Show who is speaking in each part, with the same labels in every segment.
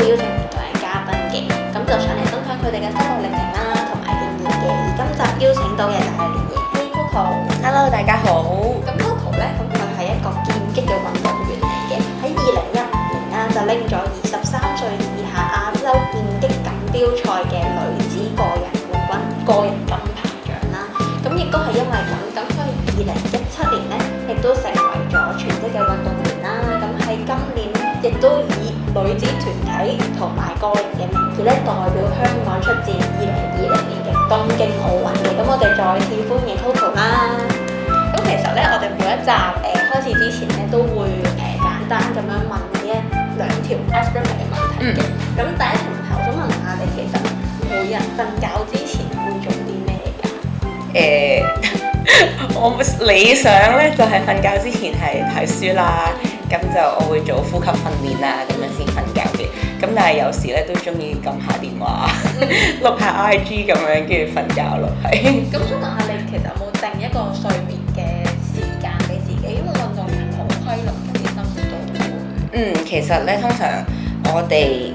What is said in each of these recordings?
Speaker 1: 邀請唔同嘅嘉賓嘅，咁就上嚟分享佢哋嘅生活歷程啦，同埋經驗嘅。而今集邀請到嘅就係連翊希 Coco，Hello，大家好。咁 Coco 咧，咁佢係一個劍擊嘅運動員嚟嘅，喺二零一五年啦、啊，就拎咗二十三歲以下亞洲劍擊錦標賽嘅女子個人冠軍、個人金牌獎啦。咁亦都係因為咁，咁所以二零一七年咧，亦都成為咗全職嘅運動員啦。咁喺今年亦都女子團體同埋個人嘅名字，字咧代表香港出戰二零二零年嘅東京奧運嘅。咁我哋再次歡迎 Coco 啦、啊。咁其實咧，我哋每一集誒開始之前咧，都會誒簡單咁樣問
Speaker 2: 一兩
Speaker 1: 條 ASMR 嘅問題嘅。咁、嗯、第一題，我想問下你，其實每日瞓覺之前會做啲咩
Speaker 2: 㗎？誒、嗯， 我理想咧就係瞓覺之前係睇書啦。咁就我會做呼吸訓練啊，咁樣先瞓覺嘅。咁但係有時咧都中意撳下電話、碌 下 IG 咁樣，跟住瞓覺咯。係。咁想問下你，其實有冇定一個
Speaker 1: 睡眠嘅時間俾自己？因為運動
Speaker 2: 員好規律，生活都好。嗯，其實咧，通常我哋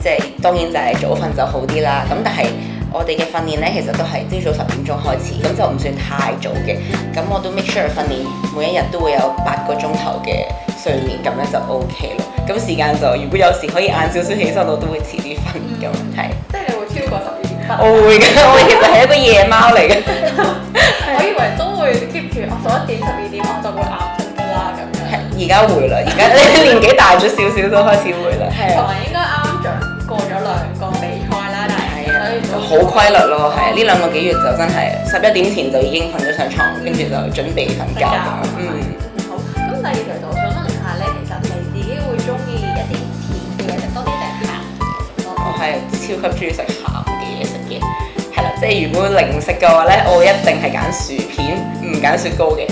Speaker 2: 即係當然就係早瞓就好啲啦。咁但係我哋嘅訓練咧，其實都係朝早十點鐘開始，咁、嗯、就唔算太早嘅。咁、嗯、我都 make sure 訓練每一日都會有八個鐘頭嘅。睡眠咁樣就 OK 咯，咁時間就如果有時可以晏少少起身，我都會遲啲瞓嘅。係即係你會超
Speaker 1: 過十二點？我會嘅，我其實係一個夜貓嚟嘅。我以為都會 keep 住我十一點十二點我
Speaker 2: 就會眼瞓噶啦咁。係而家回啦，而家你年紀大咗少少都開始回啦。係同埋應該啱啱過咗兩個比賽啦，但係好規律咯，係啊，呢兩個幾月就真係十一點前就已經瞓咗上床，跟住就準備瞓覺咁。嗯，好，咁第二條到。超級中意食鹹嘅嘢食嘅，係啦，即係如果零食嘅話咧，我一定係揀薯片，唔揀雪糕嘅，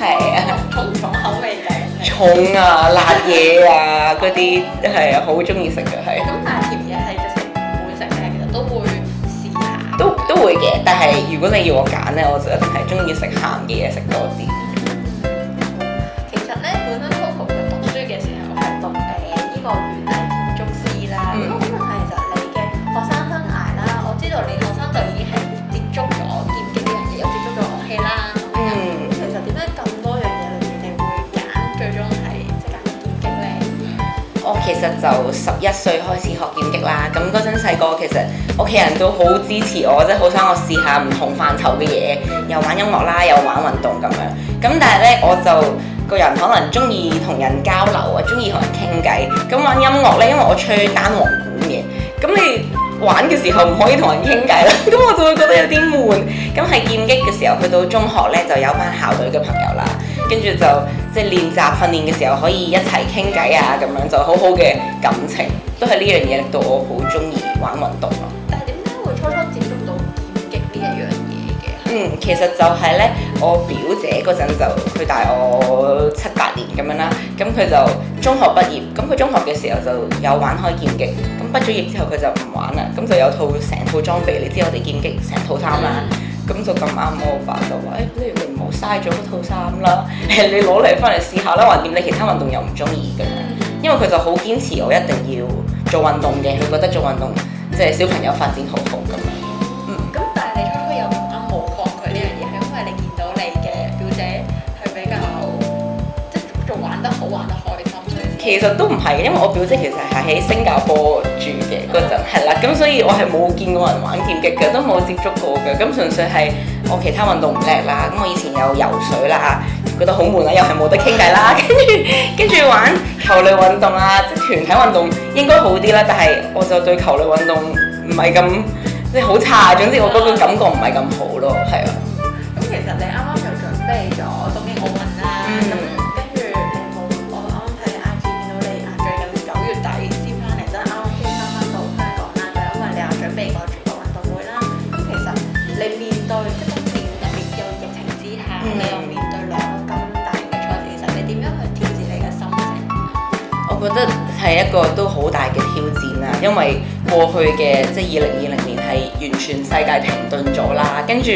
Speaker 1: 係啊，重口味嘅
Speaker 2: 重啊 辣嘢啊嗰啲係啊好中意食嘅係。咁但係甜嘢係直情唔會食嘅，其實都會試下。都都會嘅，但係如果你要我揀咧，我就一定係中意食鹹嘅嘢食多啲。 其實就十一歲開始學劍擊啦，咁嗰陣細個其實屋企人都好支持我，即係好想我試下唔同範疇嘅嘢，又玩音樂啦，又玩運動咁樣。咁但係呢，我就個人可能中意同人交流啊，中意同人傾偈。咁玩音樂呢，因為我吹單簧管嘅，咁你玩嘅時候唔可以同人傾偈啦，咁 我就會覺得有啲悶。咁喺劍擊嘅時候，去到中學呢，就有班校隊嘅朋友啦，跟住就。即係練習訓練嘅時候，可以一齊傾偈啊，咁樣就好好嘅感情，都係呢樣嘢令到我好鍾意玩運動咯。但係點解會
Speaker 1: 初初接觸到劍擊呢一樣嘢
Speaker 2: 嘅？嗯，其實就係呢，我表姐嗰陣就佢大我七八年咁樣啦，咁佢就中學畢業，咁佢中學嘅時候就有玩開劍擊，咁畢咗業之後佢就唔玩啦，咁就有套成套裝備，你知我哋劍擊成套衫嘛？咁就咁啱，我爸就話：「誒，不如你唔好嘥咗套衫啦，誒，你攞嚟翻嚟試下啦。」話：點？你其他運動又唔中意嘅。因為佢就好堅持我一定要做運動嘅。佢覺得做運動即係、就是、小朋友發展好好。其實都唔係，因為我表姐其實係喺新加坡住嘅嗰陣，係啦，咁所以我係冇見過人玩劍擊嘅，都冇接觸過嘅，咁純粹係我其他運動唔叻啦，咁我以前有游水啦嚇，覺得好悶啦，又係冇得傾偈啦，跟住跟住玩球類運動啊，即係團體運動應該好啲啦，但係我就對球類運動唔係咁即係好差，總之我嗰種感覺唔係咁好咯，係啊。覺得係一個都好大嘅挑戰啦，因為過去嘅即係二零二零年係完全世界停頓咗啦，跟住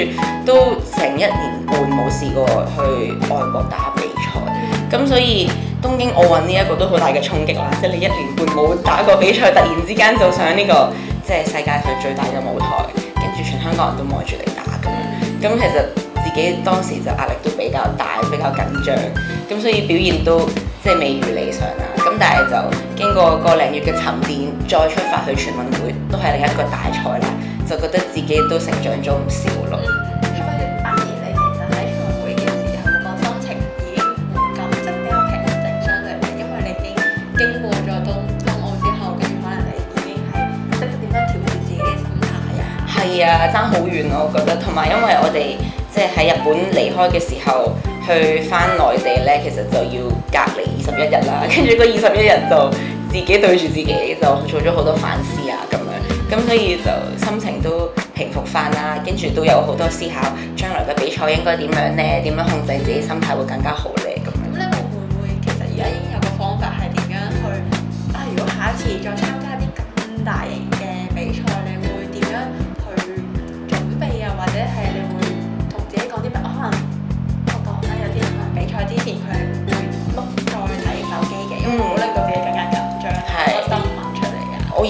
Speaker 2: 都成一年半冇試過去外國打比賽，咁所以東京奧運呢一個都好大嘅衝擊啦，即係你一年半冇打過比賽，突然之間就上呢個即係世界上最大嘅舞台，跟住全香港人都望住你打嘅，咁其實自己當時就壓力都比較大，比較緊張，咁所以表現都即係未如理想啊。但係就經過個零月嘅沉澱，再出發去全運會都係另一個大賽啦，就覺得自己都成長咗唔少咯、嗯。因咪八年嚟其實喺全運會嘅時候個心
Speaker 1: 情已經唔咁，即比較平靜相對啲，因為你經經過咗東東奧之後，可能你已經係識得點
Speaker 2: 樣調節自己嘅心態啊。係啊，爭好遠我覺得。同埋因為我哋即係喺日本離開嘅時候，去翻內地咧，其實就要隔離。十一日啦，跟住嗰二十一日就自己對住自己，就做咗好多反思啊，咁樣，咁所以就心情都平復翻啦，跟住都有好多思考，將來嘅比賽應該點樣呢？點樣控制自己心態會更加好呢？咁樣咁你會唔會其實而家已經有個方法係點樣去？啊，如果下一次再
Speaker 1: 參加啲咁大型嘅比賽，你會點樣去準備啊？或者係你？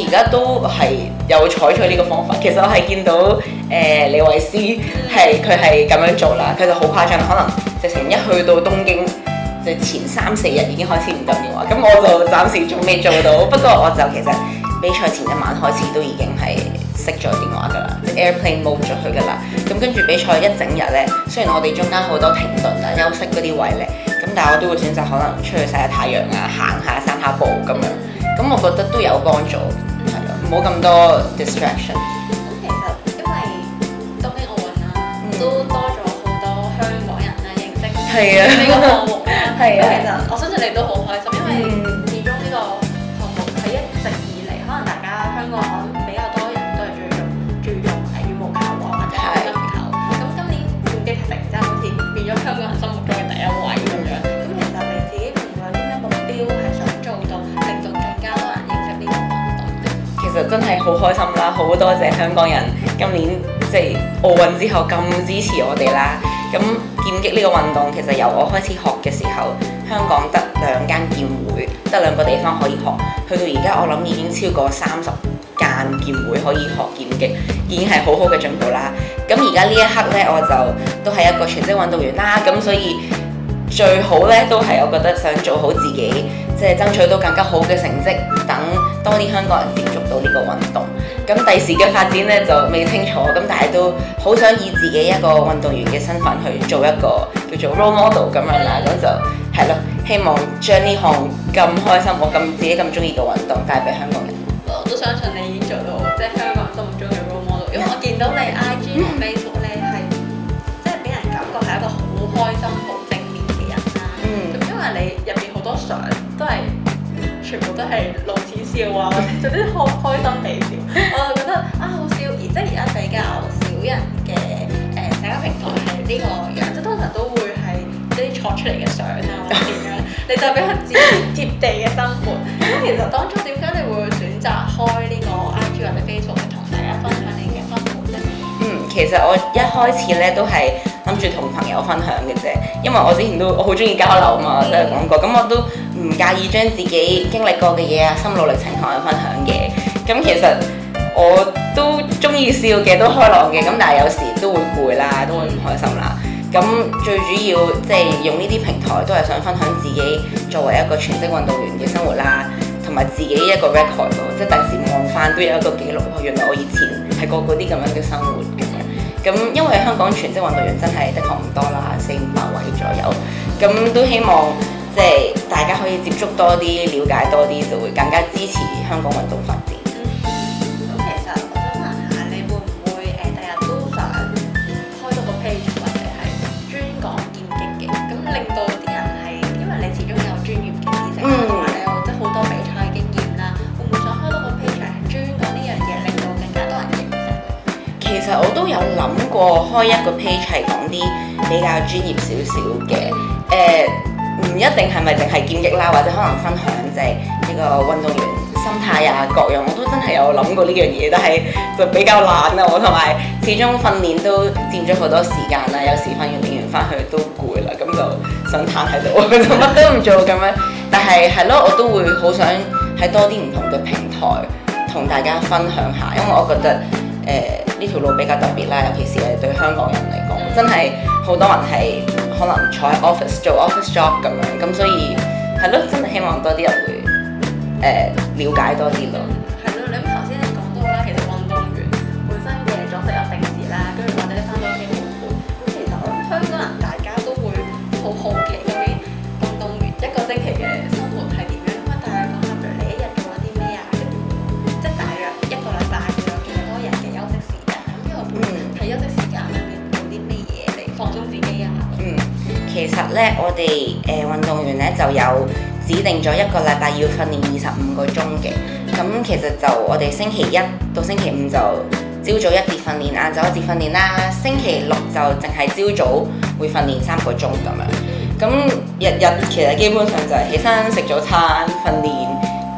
Speaker 2: 而家都係有採取呢個方法。其實我係見到誒、呃、李慧詩係佢係咁樣做啦。佢就好誇張，可能直情一去到東京就前三四日已經開始唔撳電話。咁我就暫時仲未做到， 不過我就其實比賽前一晚開始都已經係熄咗電話㗎啦、即、airplane mode 咗佢㗎啦。咁跟住比賽一整日咧，雖然我哋中間好多停頓啊、休息嗰啲位咧，咁但係我都會選擇可能出去曬下太陽啊、行下、散下步咁樣。咁我覺得都有幫助。冇咁多 distraction。咁其
Speaker 1: 實因為東京奧運啦，嗯、都多咗好多香港人啦認識係啊，呢、嗯、個項目啦。係啊 的，其實我相信你都好開心，嗯、因為。
Speaker 2: 真係好開心啦！好多謝香港人今年即係奧運之後咁支持我哋啦。咁劍擊呢個運動其實由我開始學嘅時候，香港得兩間劍會，得兩個地方可以學。去到而家我諗已經超過三十間劍會可以學劍擊，已經係好好嘅進步啦。咁而家呢一刻呢，我就都係一個全職運動員啦。咁所以最好呢，都係我覺得想做好自己，即係爭取到更加好嘅成績，等多啲香港人，呢個運動，咁第時嘅發展咧就未清楚，咁但係都好想以自己一個運動員嘅身份去做一個叫做 role model 咁樣啦，咁就係咯，希望將呢項咁開心、我咁自己咁中意嘅運動帶俾香港人。我都相信你已經做到，即係香港人都唔中意 role model，因為我見到你 IG 同 Facebook
Speaker 1: 咧係，即係俾人感覺係一個好開心、好正面嘅人啦。嗯、mm，咁因為你入邊好多相。全部都係露齒笑啊，或者啲好開心嘅笑， 我就覺得啊好笑。而即而家比較少人嘅誒社交平台係呢個樣，即通常都會係即創出嚟嘅相啊，或者點樣，嚟到俾佢貼貼地嘅生活。咁其實當初點解你會選擇開呢個 IG 或者 Facebook 嚟同大家分享你
Speaker 2: 嘅生活咧？嗯，其實我一開始咧都係諗住同朋友分享嘅啫，因為我之前都我好中意交流啊嘛，都係講過，咁我都。唔介意將自己經歷過嘅嘢啊、心路歷程同我分享嘅。咁其實我都中意笑嘅，都開朗嘅。咁但係有時都會攰啦，都會唔開心啦。咁最主要即係、就是、用呢啲平台，都係想分享自己作為一個全職運動員嘅生活啦，同埋自己一個 record 咯，即係第時望翻都有一個記錄咯。原來我以前係過嗰啲咁樣嘅生活嘅。咁因為香港全職運動員真係的確唔多啦，四五百位左右。咁都希望。即係大家可以接觸多啲、了解多啲，就會更加支持香港運動發展。咁、
Speaker 1: 嗯、其實我想問下，你會唔會誒、呃、第日都想開多個 page，或者係專講劍擊嘅？咁令到啲人係因為你始終
Speaker 2: 有專業嘅知識啦，又得好多比賽經驗啦，會唔會想開多個 page 係專講呢樣嘢，令到更加多人認識？其實我都有諗過開一個 page 係講啲比較專業少少嘅誒。嗯嗯 uh, 唔一定係咪淨係劍擊啦，或者可能分享就係呢個運動員心態啊，各樣我都真係有諗過呢樣嘢，但係就比較懶啊。我同埋始終訓練都佔咗好多時間啦，有時訓練完翻去都攰啦，咁就想攤喺度， 就乜都唔做咁樣。但係係咯，我都會好想喺多啲唔同嘅平台同大家分享下，因為我覺得誒呢、呃、條路比較特別啦，尤其是係對香港人嚟講，真係好多人係。可能坐 office 做 office job 咁樣，咁所以係咯，真係希望多啲人會誒、呃、了解多啲咯。係咯，你頭先你講到啦，其實運動員本身嘅作息有定時啦，跟住或者翻到屋企好攰，咁其實
Speaker 1: 我諗香港人大家都會好好。嗯
Speaker 2: 員咧就有指定咗一個禮拜要訓練二十五個鐘嘅，咁其實就我哋星期一到星期五就朝早一節訓練，晏晝一節訓練啦，星期六就淨係朝早會訓練三個鐘咁樣，咁日日其實基本上就係起身食早餐訓練，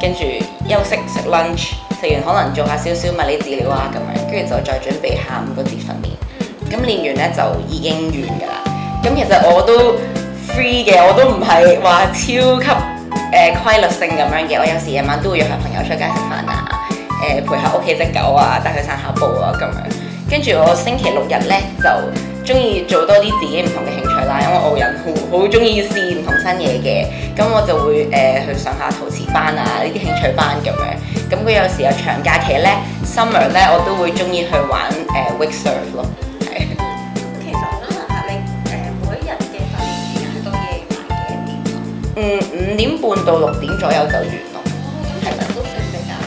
Speaker 2: 跟住休息食 lunch，食完可能做下少少物理治療啊咁樣，跟住就再準備下午個節訓練，咁練完咧就已經完噶啦，咁其實我都。嘅我都唔係話超級誒規、呃、律性咁樣嘅，我有時夜晚都會約下朋友出街食飯啊，誒、呃、陪下屋企隻狗啊，帶佢散下步啊咁樣。跟住我星期六日咧就中意做多啲自己唔同嘅興趣啦，因為我個人好好中意試唔同新嘢嘅，咁我就會誒、呃、去上下陶瓷班啊呢啲興趣班咁樣。咁佢有時有長假期咧，summer 咧我都會中意去玩誒 wake surf 咯。呃嗯，五點半到六點左右就完咯。其實都算
Speaker 1: 比較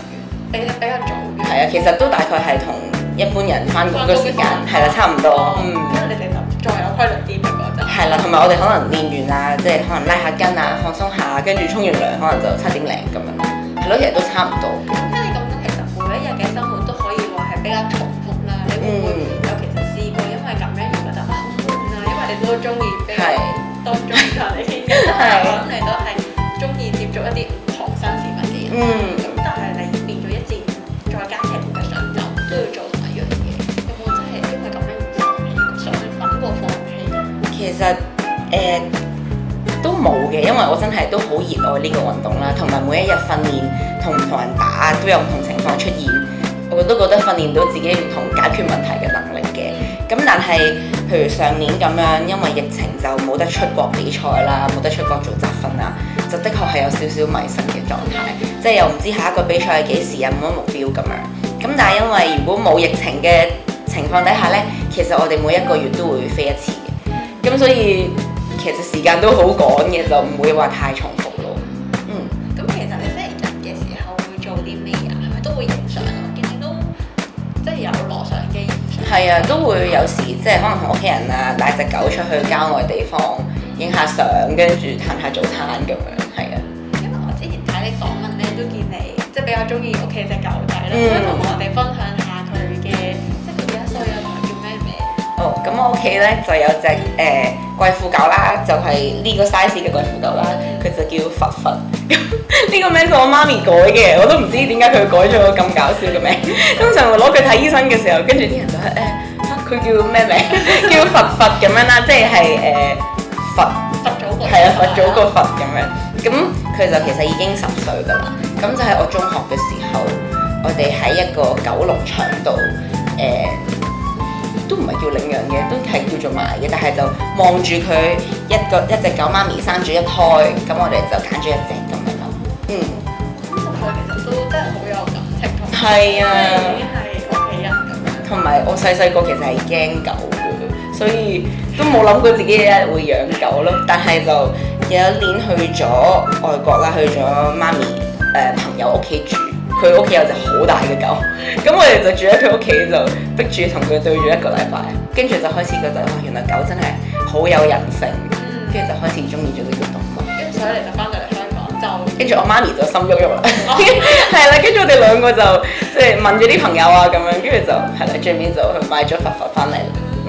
Speaker 1: 遠，
Speaker 2: 比比較早。係啊，其實都大概係同一般人翻工嘅時間係啦、嗯，差唔多。哦、嗯。因為你哋就再開點有規律啲，我覺得。係啦，同埋我哋可能練完啊，即係可能拉下筋啊，放鬆下，跟住沖完涼，可能就七點零咁樣，係咯，其實都差唔多。咁聽你講到，嗯、其實每一日嘅生活都可以話係比較重複啦。嗯。你會唔會有其實試過，因為咁樣而
Speaker 1: 覺得好悶啦，因為你都中意比中意 我哋傾偈，咁你都係中意接觸一啲唐山市民嘅人，咁、嗯、但係你變咗一戰再加庭唔緊
Speaker 2: 張就都要做同一樣嘢，有冇真係因為咁樣唔放棄，想去諗過放棄？其實誒、呃、都冇嘅，因為我真係都好熱愛呢個運動啦，同埋每一日訓練同唔同人打都有唔同情況出現，我都覺得訓練到自己唔同解決問題嘅能力嘅，咁但係。譬如上年咁樣，因為疫情就冇得出國比賽啦，冇得出國做集訓啦，就的確係有少少迷失嘅狀態，即係又唔知下一個比賽係幾時，啊，冇乜目標咁樣，咁但係因為如果冇疫情嘅情況底下咧，其實我哋每一個月都會飛一次嘅，咁所以其實時間都好趕嘅，就唔會話太重。係啊，都會有時即係可能同屋企人啊，帶隻狗出去郊外地方影、嗯、下相，跟住嘆下早餐咁樣，係啊。咁我之前睇你訪問咧，都見
Speaker 1: 你即係比較中意屋企隻狗仔啦，可唔可以同我哋分享下佢嘅
Speaker 2: 即係佢幾多歲啊？同埋叫咩名？哦，咁我屋企咧就有隻誒。嗯呃貴婦狗啦，就係、是、呢個 size 嘅貴婦狗啦，佢就叫佛佛，咁 呢個名係我媽咪改嘅，我都唔知點解佢改咗個咁搞笑嘅名。 通常我攞佢睇醫生嘅時候，跟住啲人就係誒，佢、欸、叫咩名？ 叫佛佛咁樣啦，即係誒、呃、佛佛祖個係啊佛祖個,個佛咁樣。咁 佢就其實已經十歲噶啦。咁就係我中學嘅時候，我哋喺一個九龍場度誒。呃都唔係叫領養嘅，都係叫做買嘅。但係就望住佢一個一隻狗媽咪生住一胎，咁我哋就揀咗一隻咁嘅狗。嗯，咁十歲其實都
Speaker 1: 真係好有感
Speaker 2: 情同，嗯、啊，因為你係屋企人咁。同埋我細細個其實係驚狗嘅，所以都冇諗過自己一日會養狗咯。但係就有一年去咗外國啦，去咗媽咪誒、呃、朋友屋企住。佢屋企有隻好大嘅狗，咁我哋就住喺佢屋企就逼住同佢對住一個禮拜，跟住就開始覺得哇，原來狗真係好有人性，跟住、嗯、就開始中意咗呢種動物。跟住所以你就翻到嚟香港，就跟住我媽咪就心喐喐啦，係啦、哦，跟住 我哋兩個就即係問咗啲朋友啊咁樣，跟住就係啦，最尾就去買咗狒狒翻嚟。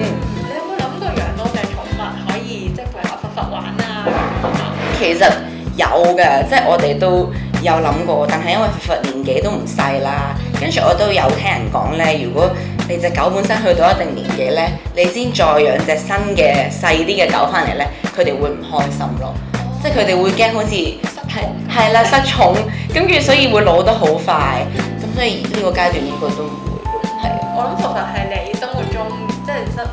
Speaker 2: 嗯，你有冇諗過養多隻寵
Speaker 1: 物
Speaker 2: 可以即係陪下狒狒玩啊？好其實有嘅，即係我哋都。有諗過，但係因為佛佛年紀都唔細啦，跟住我都有聽人講咧，如果你隻狗本身去到一定年紀咧，你先再養隻新嘅細啲嘅狗翻嚟咧，佢哋會唔開心咯，即係佢哋會驚好似係啦失寵，跟住所以會老得好快，咁所以呢個階段應該都唔會。係，我諗佛佛係你生活中即係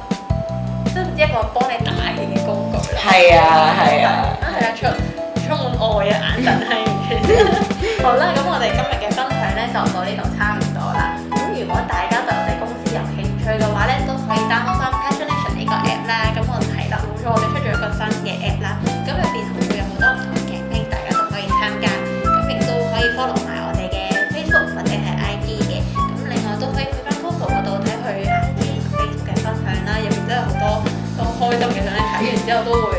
Speaker 2: 真，真一個
Speaker 1: 幫你打氣嘅工具。係啊係啊，啊係啊出。對充滿愛嘅眼神。係， 好啦，咁我哋今日嘅分享咧就到呢度差唔多啦。咁如果大家對我哋公司有興趣嘅話咧，都可以 download 翻 Passionation 呢個 app 啦。咁我哋係啦，冇錯，我哋出咗一個新嘅 app 啦。咁入邊會有好多唔同嘅 g 大家都可以參加。咁亦都可以 follow 埋我哋嘅 Facebook 或者係 IG 嘅。咁另外都可以去翻 c o o g l e 嗰度睇佢 IG 同 Facebook 嘅分享啦。入邊都有好多都開心嘅，咁睇完之後都會。